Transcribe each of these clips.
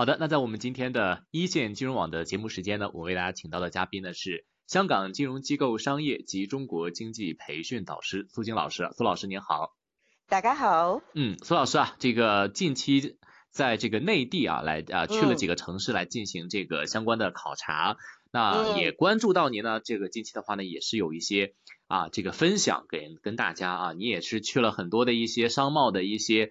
好的，那在我們今天的一線金融網的節目時間呢，我為大家請到的嘉賓呢是香港金融機構商業及中國經濟培訓導師蘇菁老師，蘇老師您好。大家好。嗯，蘇老師啊，這個近期在這個內地啊來啊去了幾個城市來進行這個相關的考察，嗯、那也關注到您呢，這個近期的話呢也是有一些啊這個分享給跟大家啊，你也是去了很多的一些商貿的一些。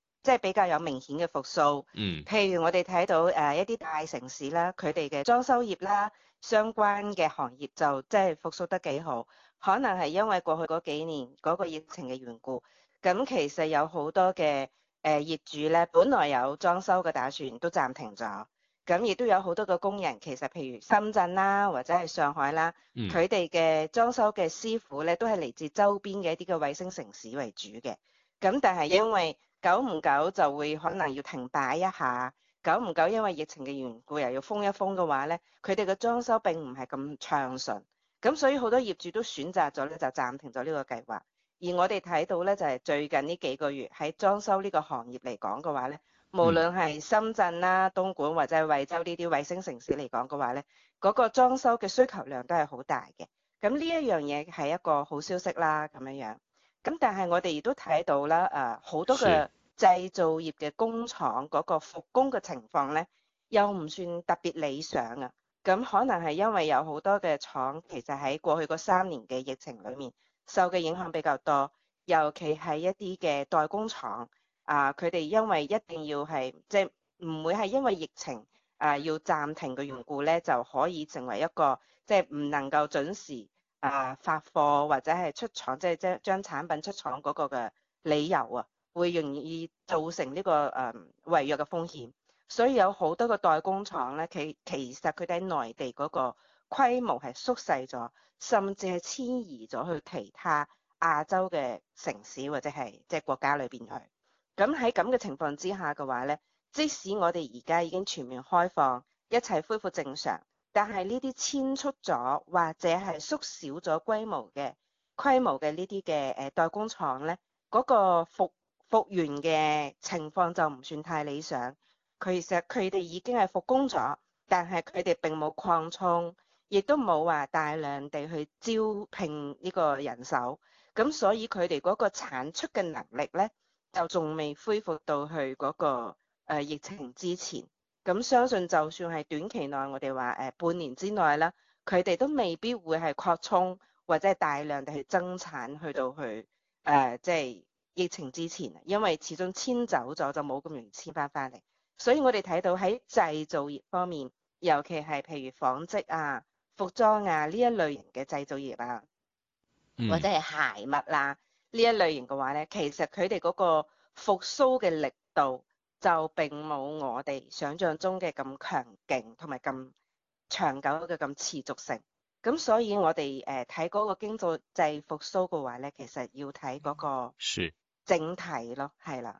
即係比較有明顯嘅復甦，嗯，譬如我哋睇到誒一啲大城市啦，佢哋嘅裝修業啦，相關嘅行業就即係復甦得幾好，可能係因為過去嗰幾年嗰個疫情嘅緣故，咁其實有好多嘅誒業主咧，本來有裝修嘅打算都暫停咗，咁亦都有好多嘅工人，其實譬如深圳啦或者係上海啦，佢哋嘅裝修嘅師傅咧都係嚟自周邊嘅一啲嘅衛星城市為主嘅，咁但係因為、嗯久唔久就會可能要停擺一下，久唔久因為疫情嘅緣故又要封一封嘅話咧，佢哋嘅裝修並唔係咁暢順，咁所以好多業主都選擇咗咧就暫停咗呢個計劃。而我哋睇到咧就係、是、最近呢幾個月喺裝修呢個行業嚟講嘅話咧，無論係深圳啦、啊、東莞或者係惠州呢啲衛星城市嚟講嘅話咧，嗰、那個裝修嘅需求量都係好大嘅。咁呢一樣嘢係一個好消息啦，咁樣樣。咁但係我哋亦都睇到啦，誒、啊、好多嘅製造業嘅工廠嗰個復工嘅情況咧，又唔算特別理想啊。咁可能係因為有好多嘅廠其實喺過去嗰三年嘅疫情裡面受嘅影響比較多，尤其係一啲嘅代工廠啊，佢哋因為一定要係即係唔會係因為疫情誒、啊、要暫停嘅緣故咧，就可以成為一個即係唔能夠準時。啊，發貨或者係出廠，即係將將產品出廠嗰個嘅理由啊，會容易造成呢、這個誒、嗯、違約嘅風險。所以有好多個代工廠咧，佢其實佢哋喺內地嗰個規模係縮細咗，甚至係遷移咗去其他亞洲嘅城市或者係即係國家裏邊去。咁喺咁嘅情況之下嘅話咧，即使我哋而家已經全面開放，一切恢復正常。但係呢啲遷出咗或者係縮小咗規模嘅規模嘅呢啲嘅誒代工廠咧，嗰個復，復原嘅情況就唔算太理想。其實佢哋已經係復工咗，但係佢哋並冇擴充，亦都冇話大量地去招聘呢個人手。咁所以佢哋嗰個產出嘅能力咧，就仲未恢復到去嗰個、呃、疫情之前。咁相信就算係短期內，我哋話誒半年之內啦，佢哋都未必會係擴充或者係大量地去增產去到去誒、呃，即係疫情之前，因為始終遷走咗就冇咁容易遷翻翻嚟。所以我哋睇到喺製造業方面，尤其係譬如紡織啊、服裝啊呢一類型嘅製造業啊，嗯、或者係鞋襪啊呢一類型嘅話咧，其實佢哋嗰個復甦嘅力度，就並冇我哋想象中嘅咁強勁，同埋咁長久嘅咁持續性。噉所以我哋呃睇嗰個經濟復甦嘅話呢，其實要睇嗰個整體咯，係啦。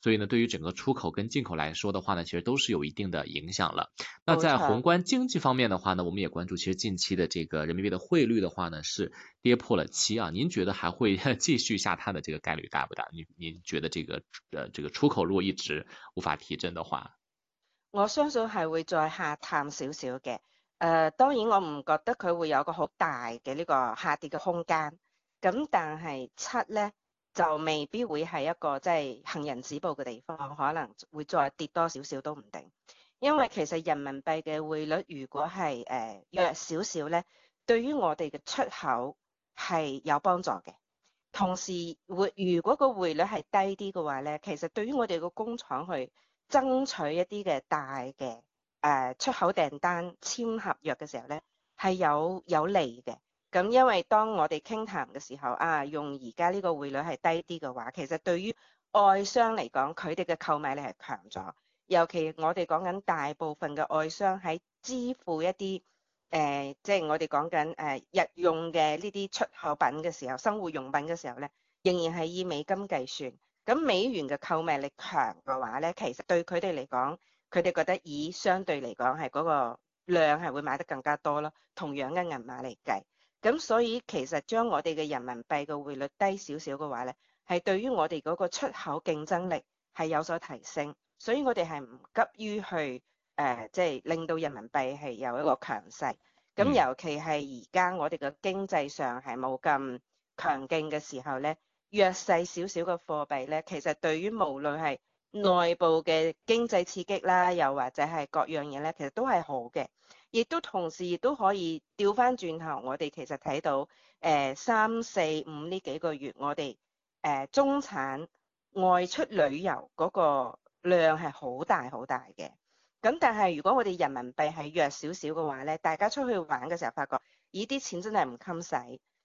所以呢，對於整個出口跟進口來說的話呢，其實都是有一定的影響了。沒錯 那在宏觀經濟方面的話呢，我們也關注，其實近期的這個人民幣的匯率的話呢，是跌破了七啊。您覺得還會繼續下探的這個概率大不大？您您覺得這個呃這個出口如果一直無法提振的話，我相信係會再下探少少嘅。呃，當然我唔覺得佢會有一個好大嘅呢個下跌嘅空間。咁但係七呢。就未必會係一個即係行人止步嘅地方，可能會再跌多少少都唔定。因為其實人民幣嘅匯率如果係誒、呃、弱少少咧，對於我哋嘅出口係有幫助嘅。同時會如果個匯率係低啲嘅話咧，其實對於我哋個工廠去爭取一啲嘅大嘅誒、呃、出口訂單簽合約嘅時候咧，係有有利嘅。咁因為當我哋傾談嘅時候啊，用而家呢個匯率係低啲嘅話，其實對於外商嚟講，佢哋嘅購買力係強咗。尤其我哋講緊大部分嘅外商喺支付一啲誒，即係我哋講緊誒日用嘅呢啲出口品嘅時候，生活用品嘅時候咧，仍然係以美金計算。咁美元嘅購買力強嘅話咧，其實對佢哋嚟講，佢哋覺得以相對嚟講係嗰個量係會買得更加多咯。同樣嘅銀碼嚟計。咁所以其實將我哋嘅人民幣嘅匯率低少少嘅話咧，係對於我哋嗰個出口競爭力係有所提升，所以我哋係唔急於去誒，即係令到人民幣係有一個強勢。咁尤其係而家我哋嘅經濟上係冇咁強勁嘅時候咧，弱勢少少嘅貨幣咧，其實對於無論係內部嘅經濟刺激啦，又或者係各樣嘢咧，其實都係好嘅。亦都同時亦都可以調翻轉頭，我哋其實睇到誒三四五呢幾個月，我哋誒、呃、中產外出旅遊嗰個量係好大好大嘅。咁但係如果我哋人民幣係弱少少嘅話咧，大家出去玩嘅時候發覺，咦啲錢真係唔襟使，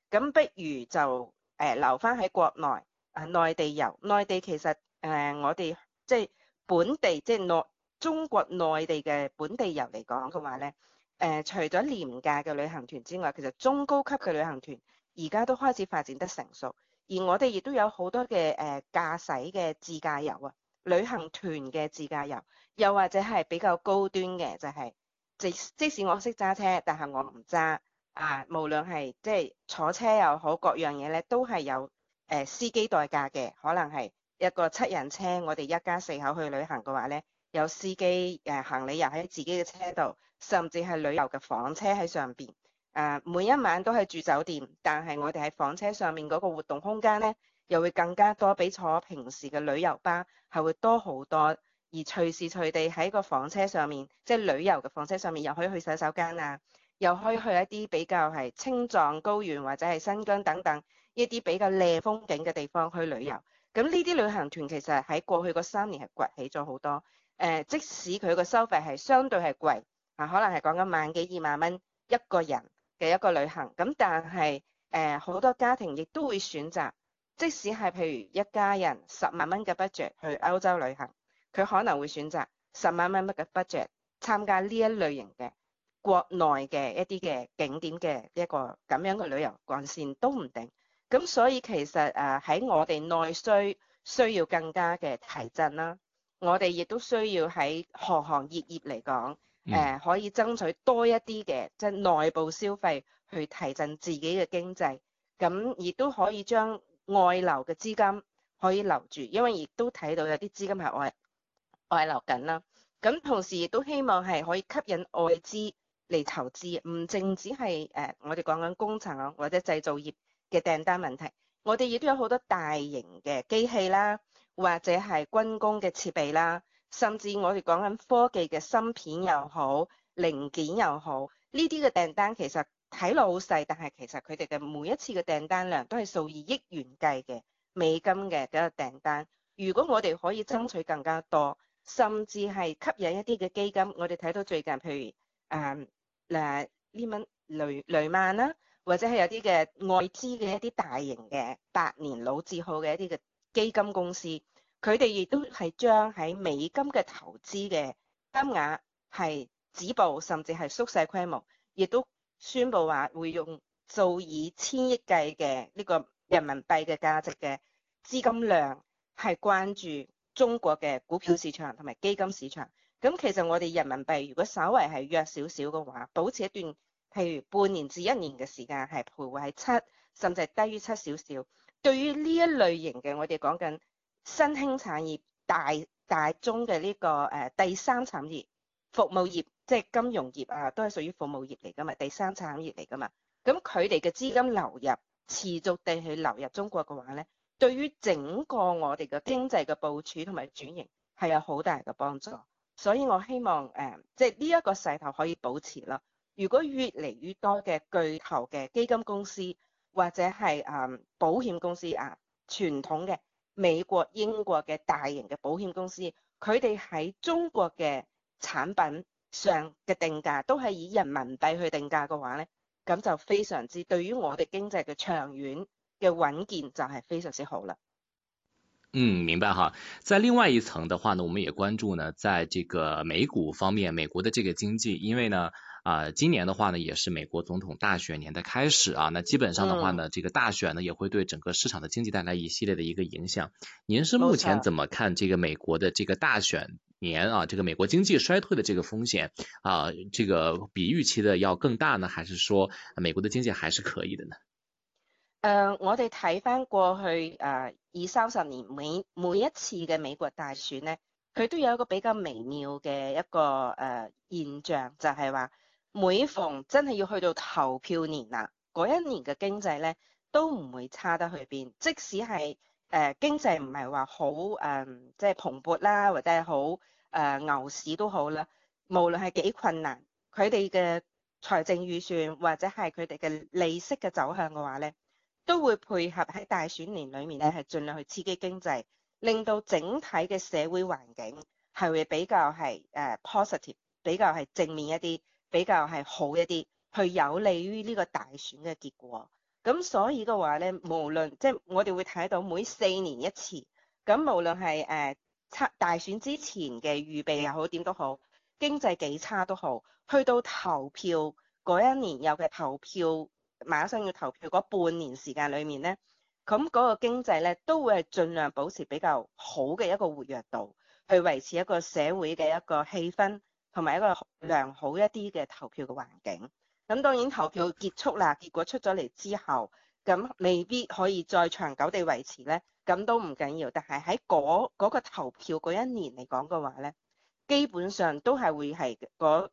咁不如就誒、呃、留翻喺國內啊，內地遊。內地其實誒、呃、我哋即係本地即係內中國內地嘅本地遊嚟講嘅話咧。誒、呃，除咗廉價嘅旅行團之外，其實中高級嘅旅行團而家都開始發展得成熟，而我哋亦都有好多嘅誒、呃、駕駛嘅自駕遊啊，旅行團嘅自駕遊，又或者係比較高端嘅，就係、是、即即使我識揸車，但係我唔揸啊，無論係即係坐車又好，各樣嘢咧都係有誒、呃、司機代駕嘅，可能係一個七人車，我哋一家四口去旅行嘅話咧。有司機，誒、行李又喺自己嘅車度，甚至係旅遊嘅房車喺上邊。誒、每一晚都係住酒店，但係我哋喺房車上面嗰個活動空間呢，又會更加多，比坐平時嘅旅遊巴係會多好多。而隨時隨地喺個房車上面，即係旅遊嘅房車上面，又可以去洗手間啊，又可以去一啲比較係青藏高原或者係新疆等等一啲比較靚風景嘅地方去旅遊。咁呢啲旅行團其實喺過去嗰三年係崛起咗好多。誒，即使佢個收費係相對係貴，啊，可能係講緊萬幾二萬蚊一個人嘅一個旅行，咁但係誒好多家庭亦都會選擇，即使係譬如一家人十萬蚊嘅 budget 去歐洲旅行，佢可能會選擇十萬蚊嘅 budget 參加呢一類型嘅國內嘅一啲嘅景點嘅一個咁樣嘅旅遊幹線都唔定，咁所以其實誒喺，啊、我哋內需需要更加嘅提振啦。我哋亦都需要喺行行業業嚟講，誒、嗯呃、可以爭取多一啲嘅，即、就、係、是、內部消費去提振自己嘅經濟，咁亦都可以將外流嘅資金可以留住，因為亦都睇到有啲資金係外外流緊啦。咁同時亦都希望係可以吸引外資嚟投資，唔淨只係誒、呃、我哋講緊工程啊或者製造業嘅訂單問題，我哋亦都有好多大型嘅機器啦。或者係軍工嘅設備啦，甚至我哋講緊科技嘅芯片，又好，零件又好，呢啲嘅訂單其實睇落好細，但係其實佢哋嘅每一次嘅訂單量都係數以億元計嘅美金嘅一個訂單。如果我哋可以爭取更加多，甚至係吸引一啲嘅基金，我哋睇到最近譬如誒嗱呢蚊雷雷曼啦，或者係有啲嘅外資嘅一啲大型嘅百年老字號嘅一啲嘅。基金公司，佢哋亦都係將喺美金嘅投資嘅金額係止步，甚至係縮細規模，亦都宣布話會用數以千億計嘅呢個人民幣嘅價值嘅資金量係關注中國嘅股票市場同埋基金市場，咁其實，我哋人民幣如果稍為係弱少少嘅話，保持一段譬如半年至一年嘅時間，係徘徊喺七，甚至係低於七少少。對於呢一類型嘅，我哋講緊新興產業、大、大宗嘅呢個誒、呃、第三產業、服務業，即係金融業啊，都係屬於服務業嚟噶嘛，第三產業嚟噶嘛。咁佢哋嘅資金流入持續地去流入中國嘅話咧，對於整個我哋嘅經濟嘅部署同埋轉型係有好大嘅幫助。所以我希望誒、呃，即係呢一個勢頭可以保持啦。如果越嚟越多嘅巨頭嘅基金公司，或者係誒、嗯、保險公司啊，傳統嘅美國、英國嘅大型嘅保險公司，佢哋喺中國嘅產品上嘅定價都係以人民幣去定價嘅話咧，咁就非常之對於我哋經濟嘅長遠嘅穩健就係非常之好啦。嗯，明白哈。在另外一層嘅話呢，我們也關注呢，在這個美股方面，美國的這個經濟，因為呢。啊，今年的話呢，也是美國總統大選年的開始啊。那基本上的話呢，嗯、這個大選呢，也會對整個市場的經濟帶來一系列的一個影響。您是目前怎麼看這個美國的這個大選年啊？這個美國經濟衰退的這個風險啊，這個比預期的要更大呢，還是說美國的經濟還是可以的呢？呃，我哋睇返過去呃，二三十年每每一次嘅美國大選呢，佢都有一個比較微妙嘅一個呃現象，就係話。每逢真係要去到投票年啦，嗰一年嘅經濟咧都唔會差得去邊。即使係誒、呃、經濟唔係話好誒、呃，即係蓬勃啦，或者係好誒、呃、牛市都好啦。無論係幾困難，佢哋嘅財政預算或者係佢哋嘅利息嘅走向嘅話咧，都會配合喺大選年裏面咧，係盡量去刺激經濟，令到整體嘅社會環境係會比較係誒、uh, positive，比較係正面一啲。比較係好一啲，去有利於呢個大選嘅結果。咁所以嘅話咧，無論即係、就是、我哋會睇到每四年一次，咁無論係誒差大選之前嘅預備又好，點都好，經濟幾差都好，去到投票嗰一年，有嘅投票馬上要投票嗰半年時間裏面咧，咁嗰個經濟咧都會係盡量保持比較好嘅一個活躍度，去維持一個社會嘅一個氣氛。同埋一個良好一啲嘅投票嘅環境。咁當然投票結束啦，結果出咗嚟之後，咁未必可以再長久地維持咧。咁都唔緊要，但係喺嗰個投票嗰一年嚟講嘅話咧，基本上都係會係嗰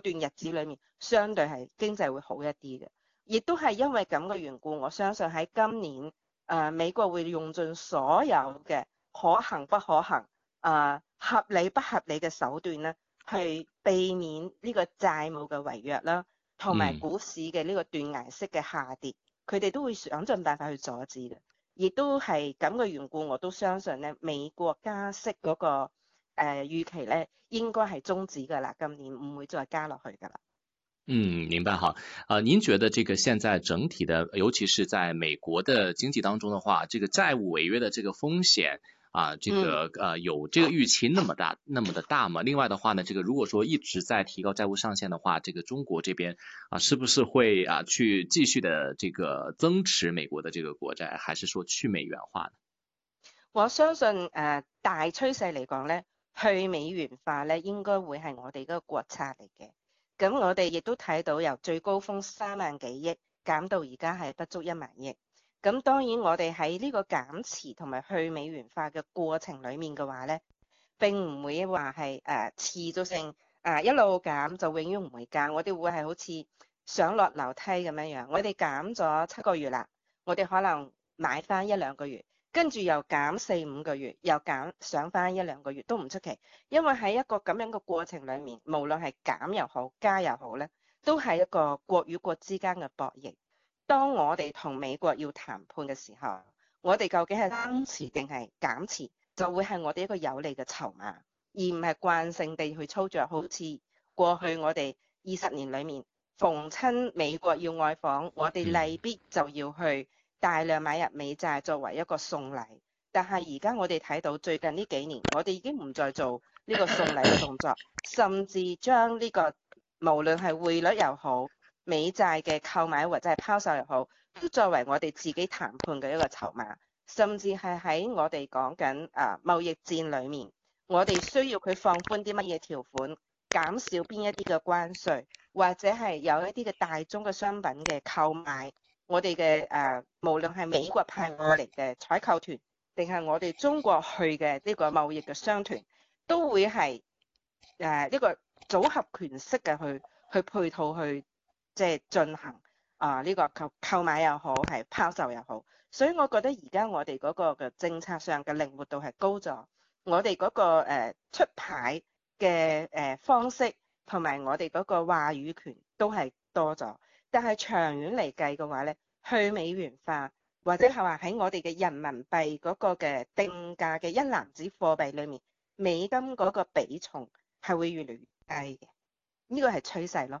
段日子裏面，相對係經濟會好一啲嘅。亦都係因為咁嘅緣故，我相信喺今年誒、呃、美國會用盡所有嘅可行不可行、誒、呃、合理不合理嘅手段咧。去避免呢個債務嘅違約啦，同埋股市嘅呢個斷崖式嘅下跌，佢哋、嗯、都會想盡辦法去阻止嘅，亦都係咁嘅緣故，我都相信咧，美國加息嗰、那個誒、呃、預期咧，應該係終止㗎啦，今年唔會再加落去㗎啦。嗯，明白，好。啊、呃，您覺得這個現在整體的，尤其是在美國的經濟當中的話，這個債務違約的這個風險？啊，這個，呃，有這個預期那麼大，那麼的大嘛。另外的話呢，這個如果說一直在提高債務上限的話，這個中國這邊啊，是不是會啊去繼續的這個增持美國的這個國債，還是說去美元化呢？我相信，誒、呃，大趨勢嚟講咧，去美元化咧，應該會係我哋嗰個國策嚟嘅。咁我哋亦都睇到由最高峰三萬幾億減到而家係不足一萬億。咁當然，我哋喺呢個減持同埋去美元化嘅過程裡面嘅話咧，並唔會話係誒持續性誒、呃、一路減就永遠唔會減。我哋會係好似上落樓梯咁樣樣。我哋減咗七個月啦，我哋可能買翻一兩個月，跟住又減四五個月，又減上翻一兩個月都唔出奇。因為喺一個咁樣嘅過程裡面，無論係減又好加又好咧，都係一個國與國之間嘅博弈。當我哋同美國要談判嘅時候，我哋究竟係增持定係減持，就會係我哋一個有利嘅籌碼，而唔係慣性地去操作。好似過去我哋二十年裡面，逢親美國要外訪，我哋例必就要去大量買入美債作為一個送禮。但係而家我哋睇到最近呢幾年，我哋已經唔再做呢個送禮嘅動作，甚至將呢個無論係匯率又好，美債嘅購買或者係拋售又好，都作為我哋自己談判嘅一個籌碼，甚至係喺我哋講緊誒貿易戰裏面，我哋需要佢放寬啲乜嘢條款，減少邊一啲嘅關稅，或者係有一啲嘅大宗嘅商品嘅購買，我哋嘅誒無論係美國派過嚟嘅採購團，定係我哋中國去嘅呢個貿易嘅商團，都會係誒呢個組合權式嘅去去配套去。即係進行啊，呢、呃呢個購購買又好，係拋售又好，所以我覺得而家我哋嗰個嘅政策上嘅靈活度係高咗，我哋嗰個出牌嘅誒方式同埋我哋嗰個話語權都係多咗。但係長遠嚟計嘅話咧，去美元化或者係話喺我哋嘅人民幣嗰個嘅定價嘅一籃子貨幣裏面，美金嗰個比重係會越嚟越低嘅，呢個係趨勢咯。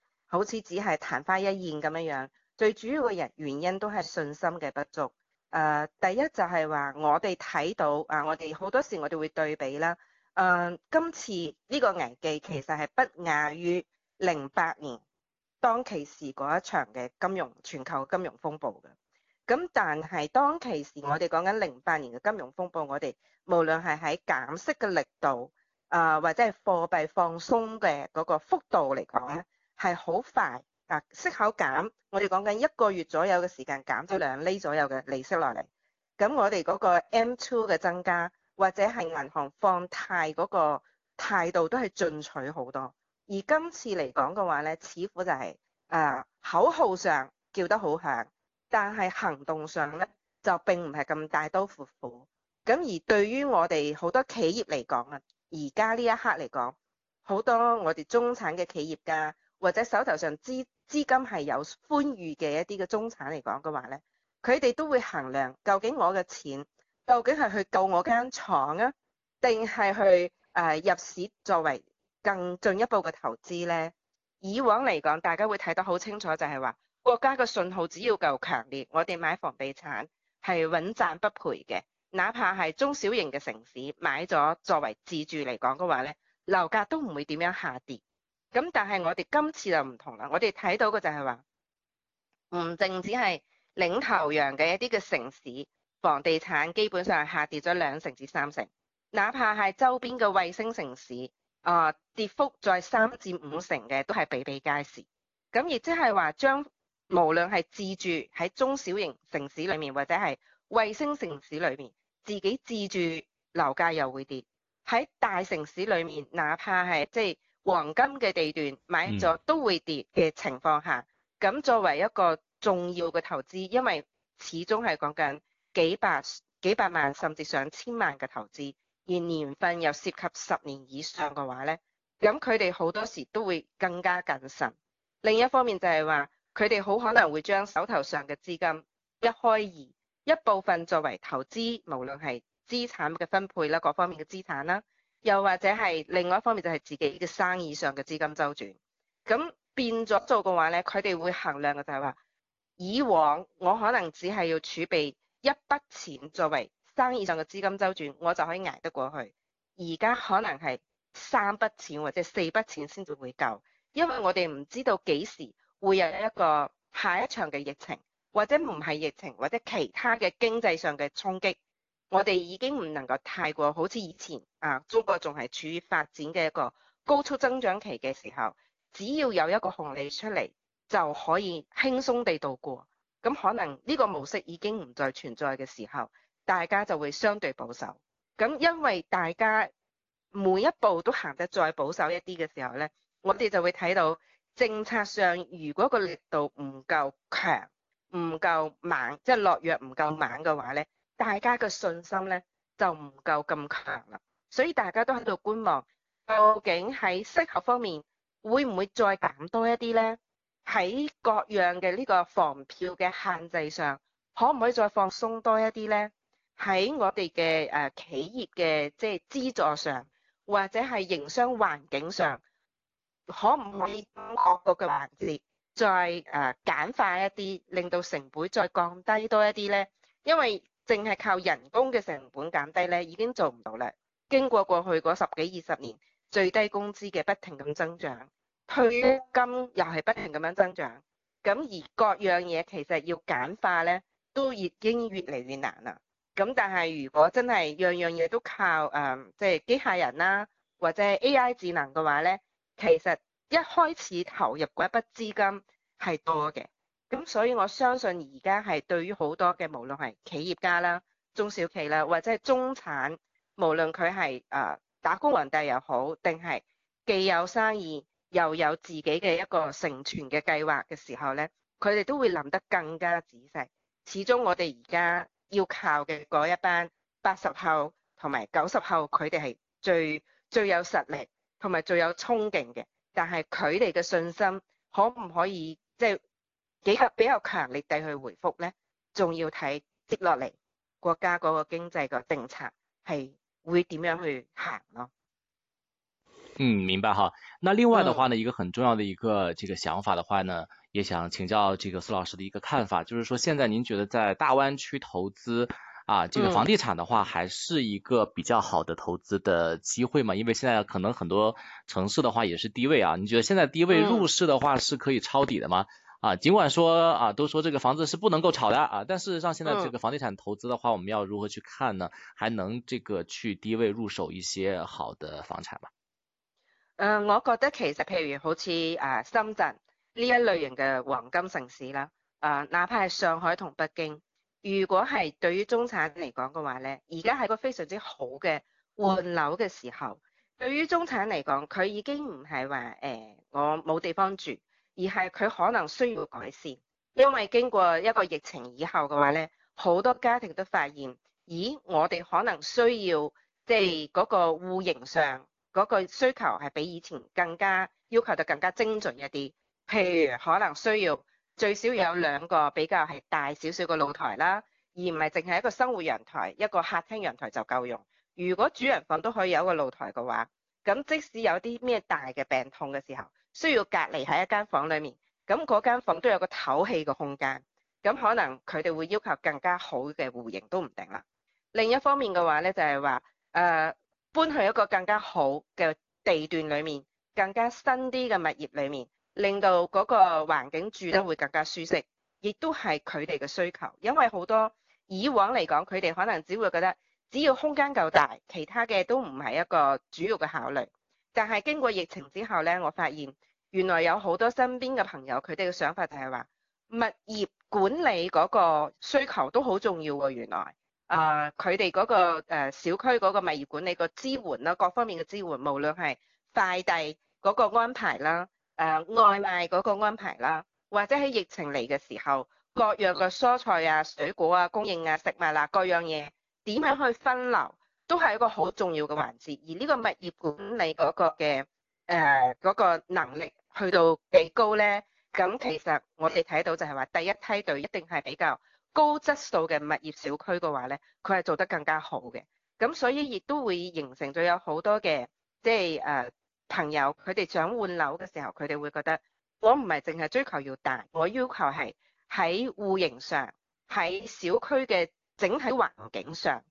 好似只係曇花一現咁樣樣，最主要嘅人原因都係信心嘅不足。誒、呃，第一就係話我哋睇到啊，我哋好、呃、多時我哋會對比啦。誒、呃，今次呢個危機其實係不亞於零八年當其時嗰一場嘅金融全球金融風暴嘅。咁但係當其時我哋講緊零八年嘅金融風暴，我哋無論係喺減息嘅力度，誒、呃、或者係貨幣放鬆嘅嗰個幅度嚟講咧。係好快啊！息口減，我哋講緊一個月左右嘅時間減咗兩厘左右嘅利息落嚟。咁我哋嗰個 M2 嘅增加，或者係銀行放貸嗰個態度都係進取好多。而今次嚟講嘅話咧，似乎就係、是、誒、呃、口號上叫得好響，但係行動上咧就並唔係咁大刀闊斧斧。咁而對於我哋好多企業嚟講啊，而家呢一刻嚟講，好多我哋中產嘅企業家，或者手頭上資資金係有寬裕嘅一啲嘅中產嚟講嘅話，呢佢哋都會衡量究竟我嘅錢究竟係去救我間廠啊，定係去誒、呃、入市作為更進一步嘅投資呢？以往嚟講，大家會睇得好清楚就，就係話國家嘅信號只要夠強烈，我哋買房地產係穩賺不賠嘅，哪怕係中小型嘅城市買咗作為自住嚟講嘅話，呢樓價都唔會點樣下跌。咁但係我哋今次就唔同啦，我哋睇到嘅就係話，唔淨止係領頭羊嘅一啲嘅城市，房地產基本上下跌咗兩成至三成，哪怕係周邊嘅衛星城市，啊、呃，跌幅在三至五成嘅都係比比皆是。咁亦即係話，將無論係自住喺中小型城市裏面，或者係衛星城市裏面，自己自住樓價又會跌。喺大城市裏面，哪怕係即係，就是黃金嘅地段買咗都會跌嘅情況下，咁、嗯、作為一個重要嘅投資，因為始終係講緊幾百幾百萬甚至上千萬嘅投資，而年份又涉及十年以上嘅話呢，咁佢哋好多時都會更加謹慎。另一方面就係話，佢哋好可能會將手頭上嘅資金一開二，一部分作為投資，無論係資產嘅分配啦，各方面嘅資產啦。又或者係另外一方面，就係自己嘅生意上嘅資金周轉。咁變咗做嘅話呢，佢哋會衡量嘅就係話，以往我可能只係要儲備一筆錢作為生意上嘅資金周轉，我就可以捱得過去。而家可能係三筆錢或者四筆錢先至會夠，因為我哋唔知道幾時會有一個下一場嘅疫情，或者唔係疫情，或者其他嘅經濟上嘅衝擊。我哋已經唔能夠太過好似以前啊，中國仲係處於發展嘅一個高速增長期嘅時候，只要有一個紅利出嚟就可以輕鬆地度過。咁可能呢個模式已經唔再存在嘅時候，大家就會相對保守。咁因為大家每一步都行得再保守一啲嘅時候呢，我哋就會睇到政策上如果個力度唔夠強、唔夠猛，即係落藥唔夠猛嘅話呢。大家嘅信心咧就唔夠咁強啦，所以大家都喺度觀望，究竟喺息口方面會唔會再減多一啲咧？喺各樣嘅呢個房票嘅限制上，可唔可以再放鬆多一啲咧？喺我哋嘅誒企業嘅即係資助上，或者係營商環境上，可唔可以將各個嘅環節再誒簡化一啲，令到成本再降低多一啲咧？因為淨係靠人工嘅成本減低咧，已經做唔到啦。經過過去嗰十幾二十年最低工資嘅不停咁增長，退休金又係不停咁樣增長，咁而各樣嘢其實要簡化咧，都已經越嚟越難啦。咁但係如果真係樣樣嘢都靠誒即係機械人啦，或者 AI 智能嘅話咧，其實一開始投入嗰一筆資金係多嘅。咁所以我相信而家係對於好多嘅，無論係企業家啦、中小企啦，或者係中產，無論佢係啊打工皇帝又好，定係既有生意又有自己嘅一個成全嘅計劃嘅時候咧，佢哋都會諗得更加仔細。始終我哋而家要靠嘅嗰一班八十後同埋九十後，佢哋係最最有實力同埋最有衝勁嘅，但係佢哋嘅信心可唔可以即係？就是幾個比較強力地去回復呢，仲要睇接落嚟國家嗰個經濟個政策係會點樣去行呢？嗯，明白哈。那另外的話呢，一個很重要的一個這個想法的話呢，也想請教這個蘇老師的一個看法，就是說現在您覺得在大灣區投資啊，這個房地產的話，還是一個比較好的投資的機會嘛？因為現在可能很多城市的話也是低位啊，你覺得現在低位入市的話是可以抄底的嗎？啊，盡管說啊，都說這個房子是不能夠炒的啊，啊，但事實上現在這個房地產投資的話，嗯，我們要如何去看呢？還能這個去低位入手一些好的房產嗎？呃，我覺得其實譬如好似啊深圳呢一類型嘅黃金城市啦，啊哪怕係上海同北京，如果係對於中產嚟講嘅話咧，而家係一個非常之好嘅換樓嘅時候，對於中產嚟講，佢已經唔係話誒我冇地方住。而係佢可能需要改善，因為經過一個疫情以後嘅話呢，好多家庭都發現，咦，我哋可能需要即係嗰個戶型上嗰個需求係比以前更加要求得更加精準一啲。譬如可能需要最少有兩個比較係大少少嘅露台啦，而唔係淨係一個生活陽台、一個客廳陽台就夠用。如果主人房都可以有個露台嘅話，咁即使有啲咩大嘅病痛嘅時候，需要隔離喺一間房裡面，咁嗰間房都有個透氣嘅空間，咁可能佢哋會要求更加好嘅戶型都唔定啦。另一方面嘅話呢，就係話誒搬去一個更加好嘅地段裡面，更加新啲嘅物業裡面，令到嗰個環境住得會更加舒適，亦都係佢哋嘅需求。因為好多以往嚟講，佢哋可能只會覺得只要空間夠大，其他嘅都唔係一個主要嘅考慮。但係經過疫情之後咧，我發現原來有好多身邊嘅朋友，佢哋嘅想法就係話，物業管理嗰個需求都好重要喎。原來，誒佢哋嗰個、呃、小區嗰個物業管理個支援啦，各方面嘅支援，無論係快遞嗰個安排啦，誒、呃、外賣嗰個安排啦，或者喺疫情嚟嘅時候，各樣嘅蔬菜啊、水果啊、供應啊、食物嗱、啊，各樣嘢點樣去分流？都係一個好重要嘅環節，而呢個物業管理嗰個嘅誒嗰個能力去到幾高咧？咁其實我哋睇到就係話，第一梯隊一定係比較高質素嘅物業小區嘅話咧，佢係做得更加好嘅。咁所以亦都會形成咗有好多嘅即係誒、呃、朋友，佢哋想換樓嘅時候，佢哋會覺得我唔係淨係追求要大，我要求係喺戶型上，喺小區嘅整體環境上。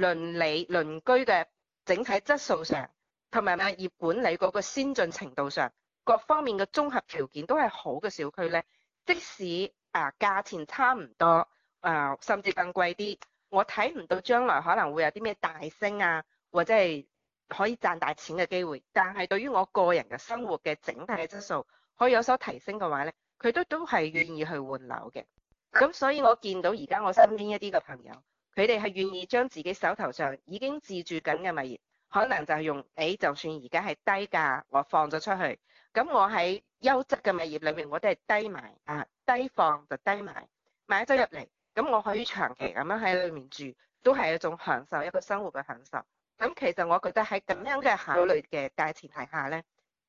鄰里鄰居嘅整體質素上，同埋物業管理嗰個先進程度上，各方面嘅綜合條件都係好嘅小區咧。即使啊價錢差唔多，啊甚至更貴啲，我睇唔到將來可能會有啲咩大升啊，或者係可以賺大錢嘅機會。但係對於我個人嘅生活嘅整體嘅質素可以有所提升嘅話咧，佢都都係願意去換樓嘅。咁所以我見到而家我身邊一啲嘅朋友。佢哋係願意將自己手頭上已經自住緊嘅物業，可能就係用誒、欸，就算而家係低價，我放咗出去，咁我喺優質嘅物業裏面，我都係低埋，啊，低放就低埋，買咗入嚟，咁我可以長期咁樣喺裏面住，都係一種享受，一個生活嘅享受。咁其實我覺得喺咁樣嘅考慮嘅大前提下咧，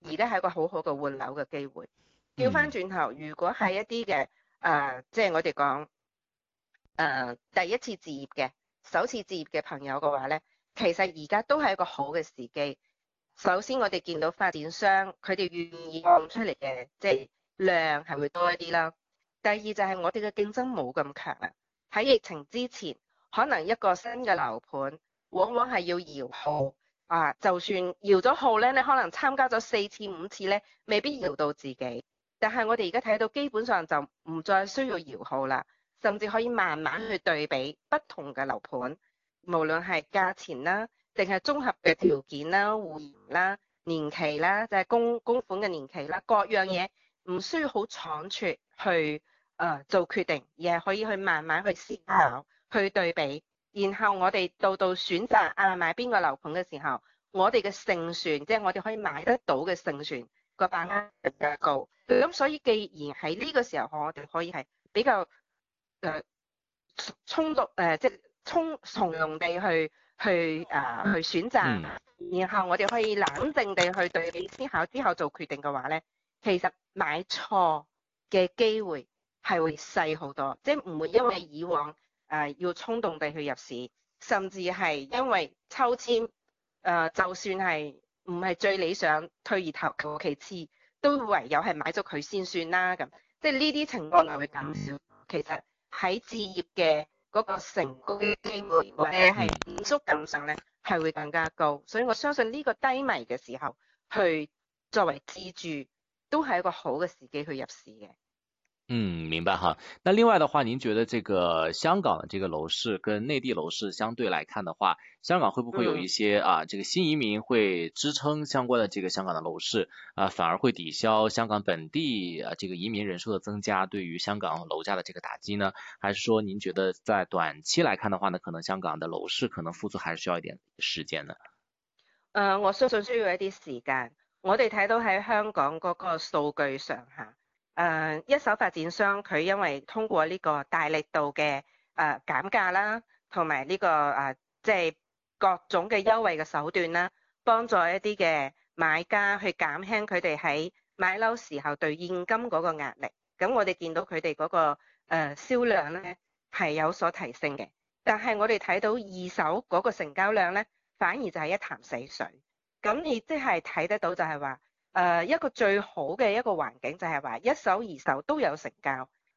而家係一個好好嘅換樓嘅機會。調翻轉頭，如果係一啲嘅誒，即係我哋講。誒，uh, 第一次置業嘅，首次置業嘅朋友嘅話咧，其實而家都係一個好嘅時機。首先，我哋見到發展商佢哋願意放出嚟嘅，即係量係會多一啲啦。第二就係我哋嘅競爭冇咁強啦。喺疫情之前，可能一個新嘅樓盤，往往係要搖號啊。就算搖咗號咧，你可能參加咗四次五次咧，未必搖到自己。但係我哋而家睇到，基本上就唔再需要搖號啦。甚至可以慢慢去對比不同嘅樓盤，無論係價錢啦，定係綜合嘅條件啦、戶型啦、年期啦，就係、是、供供款嘅年期啦，各樣嘢唔需要好倉促去誒、呃、做決定，而係可以去慢慢去思考、去對比，然後我哋到到選擇啊買邊個樓盤嘅時候，我哋嘅勝算，即、就、係、是、我哋可以買得到嘅勝算、這個把握更加高。咁所以，既然喺呢個時候，我哋可以係比較。誒，充足誒，即係充從容地去去誒、呃、去選擇，嗯、然後我哋可以冷靜地去對比思考之後做決定嘅話咧，其實買錯嘅機會係會細好多，即係唔會因為以往誒、呃、要衝動地去入市，甚至係因為抽籤誒，就算係唔係最理想，退而求其次，都唯有係買咗佢先算啦咁，即係呢啲情況就會減少，其實。喺置業嘅嗰個成功嘅機會，或者係滿足感上咧，係會更加高，所以我相信呢個低迷嘅時候，去作為自住都係一個好嘅時機去入市嘅。嗯，明白哈。那另外的話，您覺得這個香港的這個樓市跟內地樓市相對來看的話，香港會不會有一些啊、嗯、這個新移民會支撐相關的這個香港的樓市啊，反而會抵消香港本地啊這個移民人數的增加對於香港樓價的這個打擊呢？還是說您覺得在短期來看的話呢，可能香港的樓市可能復蘇還是需要一點時間呢？嗯、呃，我相信需要一點時間。我哋睇到喺香港嗰個數據上誒，uh, 一手發展商佢因為通過呢個大力度嘅誒減價啦，同埋呢個誒即係各種嘅優惠嘅手段啦，幫助一啲嘅買家去減輕佢哋喺買樓時候對現金嗰個壓力。咁我哋見到佢哋嗰個誒銷量咧係有所提升嘅，但係我哋睇到二手嗰個成交量咧反而就係一潭死水。咁亦即係睇得到就係話。誒、呃，一個最好嘅一個環境就係話一手二手都有成交，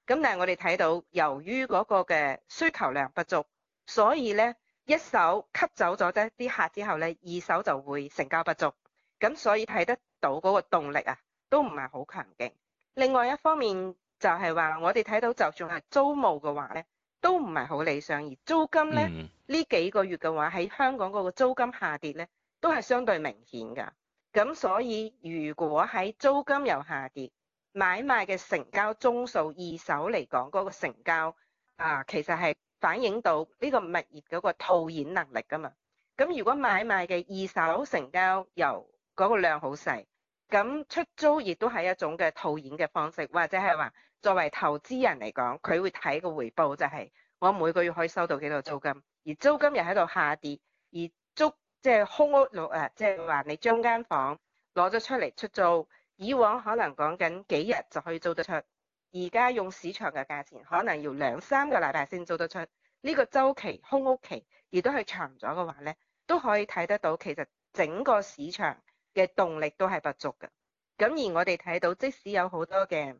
咁但係我哋睇到由於嗰個嘅需求量不足，所以呢一手吸走咗啫啲客之後呢，二手就會成交不足，咁所以睇得到嗰個動力啊都唔係好強勁。另外一方面就係話我哋睇到就算係租務嘅話呢都唔係好理想，而租金呢，呢、嗯、幾個月嘅話喺香港嗰個租金下跌呢，都係相對明顯噶。咁所以如果喺租金又下跌，買賣嘅成交宗數二手嚟講嗰個成交啊，其實係反映到呢個物業嗰個套現能力噶嘛。咁如果買賣嘅二手成交由嗰個量好細，咁出租亦都係一種嘅套現嘅方式，或者係話作為投資人嚟講，佢會睇個回報就係我每個月可以收到幾多租金，而租金又喺度下跌，而租即係空屋攞誒，即係話你將間房攞咗出嚟出租，以往可能講緊幾日就可以租得出，而家用市場嘅價錢，可能要兩三個禮拜先租得出。呢、呢個周期空屋期亦都係長咗嘅話咧，都可以睇得到其實整個市場嘅動力都係不足嘅。咁而我哋睇到，即使有好多嘅誒、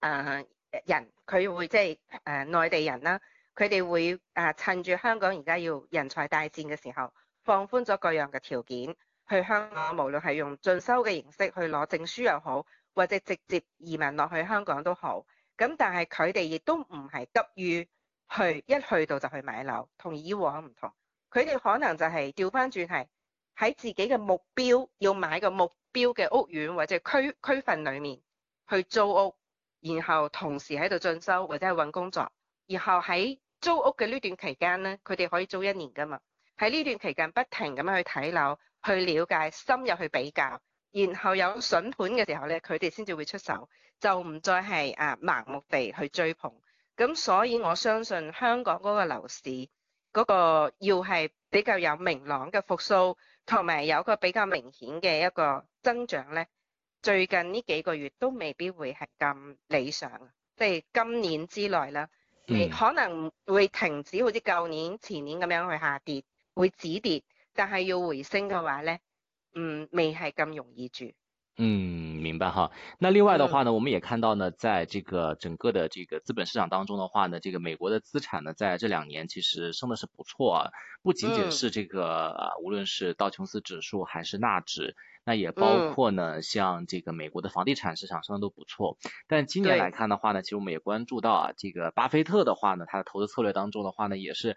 呃、人，佢會即係誒內地人啦，佢哋會誒、呃、趁住香港而家要人才大戰嘅時候。放寬咗各樣嘅條件去香港，無論係用進修嘅形式去攞證書又好，或者直接移民落去香港都好。咁但係佢哋亦都唔係急於去一去到就去買樓，同以往唔同。佢哋可能就係調翻轉，係喺自己嘅目標要買個目標嘅屋苑或者區區份裏面去租屋，然後同時喺度進修或者係搵工作，然後喺租屋嘅呢段期間呢，佢哋可以租一年噶嘛。喺呢段期間不停咁樣去睇樓、去了解、深入去比較，然後有筍盤嘅時候呢，佢哋先至會出手，就唔再係啊盲目地去追捧。咁所以我相信香港嗰個樓市嗰個要係比較有明朗嘅復甦，同埋有個比較明顯嘅一個增長呢，最近呢幾個月都未必會係咁理想。即係今年之內啦，可能會停止好似舊年、前年咁樣去下跌。會止跌，但係要回升的話呢，嗯，未係咁容易住。嗯，明白哈。那另外的話呢，嗯、我們也看到呢，在這個整個的這個資本市場當中的話呢，這個美國的資產呢，在這兩年其實升的是不錯、啊，不僅僅是這個、嗯啊，無論是道瓊斯指數還是納指，那也包括呢，嗯、像這個美國的房地產市場升的都不錯。但今年來看的話呢，對其實我們也關注到啊，這個巴菲特的話呢，他的投資策,策略當中的話呢，也是。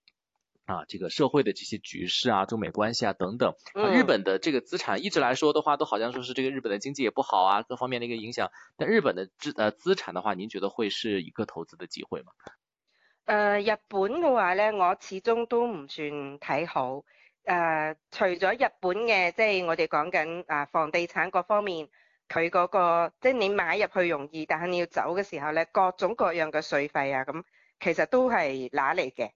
啊，這個社會的這些局勢啊，中美關係啊等等啊，日本的這個資產一直來說的話，都好像說是這個日本的經濟也不好啊，各方面的一個影響。但日本的資呃資產的話，您覺得會是一個投資的機會嗎？誒、呃，日本嘅話咧，我始終都唔算睇好。誒、呃，除咗日本嘅，即係我哋講緊啊，房地產各方面，佢嗰、那個即係你買入去容易，但係你要走嘅時候咧，各種各樣嘅稅費啊咁、嗯，其實都係拿嚟嘅。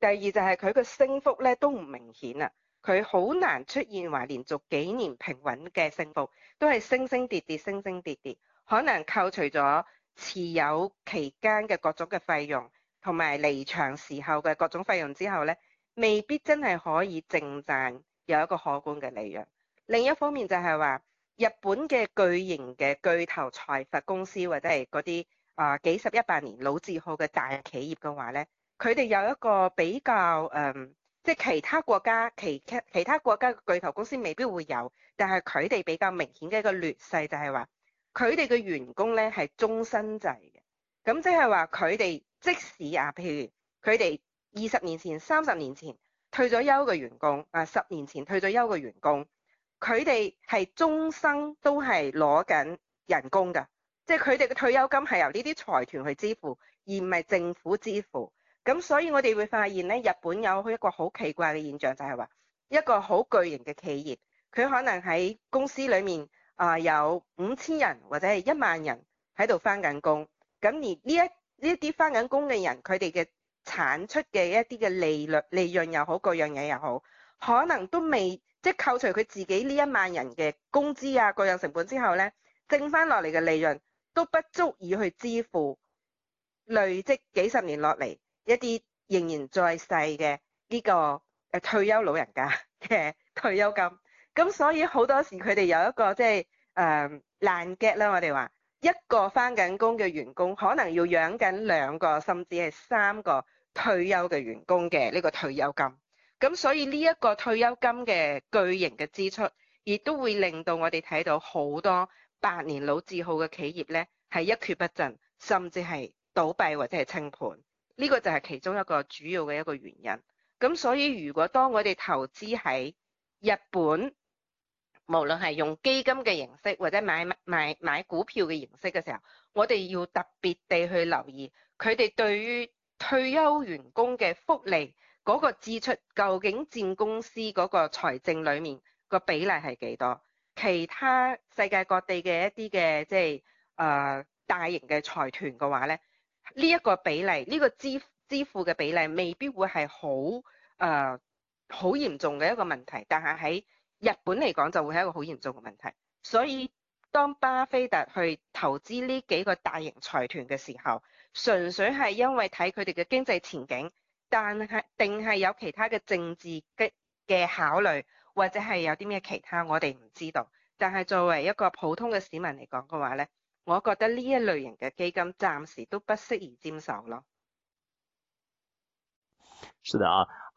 第二就係佢個升幅咧都唔明顯啊，佢好難出現話連續幾年平穩嘅升幅，都係升升跌跌，升升跌跌。可能扣除咗持有期間嘅各種嘅費用，同埋離場時候嘅各種費用之後咧，未必真係可以淨賺有一個可觀嘅利潤。另一方面就係話，日本嘅巨型嘅巨頭財閥公司或者係嗰啲啊幾十、一百年老字號嘅大企業嘅話咧。佢哋有一個比較誒、嗯，即係其他國家其其他國家嘅巨頭公司未必會有，但係佢哋比較明顯嘅一個劣勢就係話，佢哋嘅員工咧係終身制嘅，咁即係話佢哋即使啊，譬如佢哋二十年前、三十年前退咗休嘅員工，啊十年前退咗休嘅員工，佢哋係終生都係攞緊人工㗎，即係佢哋嘅退休金係由呢啲財團去支付，而唔係政府支付。咁所以我哋會發現咧，日本有一個好奇怪嘅現象，就係、是、話一個好巨型嘅企業，佢可能喺公司裡面啊、呃、有五千人或者係一萬人喺度翻緊工。咁而呢一呢一啲翻緊工嘅人，佢哋嘅產出嘅一啲嘅利率、利潤又好，各樣嘢又好，可能都未即係扣除佢自己呢一萬人嘅工資啊，各樣成本之後咧，剩翻落嚟嘅利潤都不足以去支付累積幾十年落嚟。一啲仍然在世嘅呢個誒退休老人家嘅退休金，咁所以好多時佢哋有一個即係誒爛腳啦。我哋話一個返緊工嘅員工，可能要養緊兩個甚至係三個退休嘅員工嘅呢個退休金，咁所以呢一個退休金嘅巨型嘅支出，亦都會令到我哋睇到好多百年老字號嘅企業呢係一蹶不振，甚至係倒閉或者係清盤。呢個就係其中一個主要嘅一個原因。咁所以，如果當我哋投資喺日本，無論係用基金嘅形式或者買買買，買股票嘅形式嘅時候，我哋要特別地去留意佢哋對於退休員工嘅福利嗰、那個支出，究竟佔公司嗰個財政裡面個比例係幾多？其他世界各地嘅一啲嘅即係誒、呃、大型嘅財團嘅話咧。呢一個比例，呢個支支付嘅比例未必會係好誒好嚴重嘅一個問題，但係喺日本嚟講就會係一個好嚴重嘅問題。所以當巴菲特去投資呢幾個大型財團嘅時候，純粹係因為睇佢哋嘅經濟前景，但係定係有其他嘅政治嘅嘅考慮，或者係有啲咩其他我哋唔知道。但係作為一個普通嘅市民嚟講嘅話咧。我覺得呢一類型嘅基金暫時都不適宜接受咯。是的啊。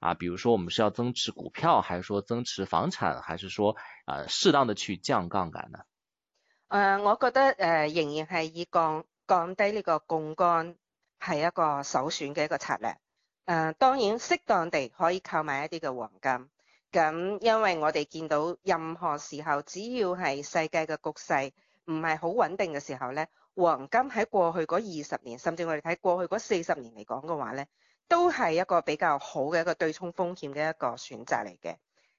啊，比如說我們是要增持股票，還是說增持房產，還是說，呃，適當的去降槓桿呢？誒、呃，我覺得誒、呃，仍然係以降降低呢個槓桿係一個首選嘅一個策略。誒、呃，當然，適當地可以購買一啲嘅黃金。咁，因為我哋見到任何時候，只要係世界嘅局勢唔係好穩定嘅時候咧，黃金喺過去嗰二十年，甚至我哋睇過去嗰四十年嚟講嘅話咧。都係一個比較好嘅一個對沖風險嘅一個選擇嚟嘅，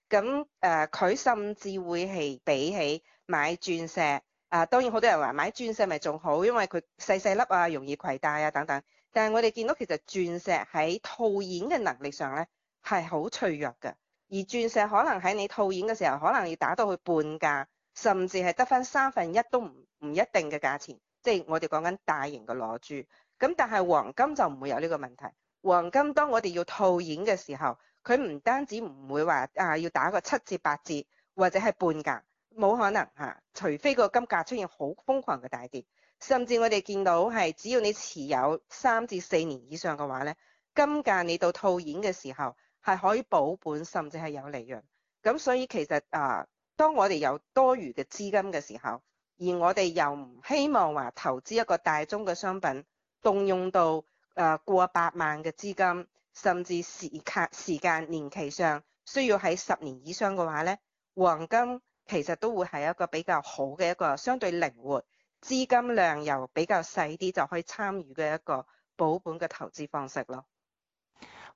咁誒，佢甚至會係比起買鑽石啊，呃，當然好多人話買鑽石咪仲好，因為佢細細粒啊，容易携帶啊等等。但係我哋見到其實鑽石喺套現嘅能力上咧，係好脆弱嘅，而鑽石可能喺你套現嘅時候，可能要打到去半價，甚至係得翻三分一都唔唔一定嘅價錢。即係我哋講緊大型嘅裸珠，咁但係黃金就唔會有呢個問題。黃金當我哋要套現嘅時候，佢唔單止唔會話啊要打個七折八折或者係半價，冇可能吓，啊，除非個金價出現好瘋狂嘅大跌。甚至我哋見到係只要你持有三至四年以上嘅話咧，金價你到套現嘅時候係可以保本，甚至係有利潤。咁所以其實啊，當我哋有多餘嘅資金嘅時候，而我哋又唔希望話投資一個大宗嘅商品，動用到。誒，過百萬嘅資金，甚至時卡時間年期上需要喺十年以上嘅話咧，黃金其實都會係一個比較好嘅一個相對靈活，資金量又比較細啲就可以參與嘅一個保本嘅投資方式啦。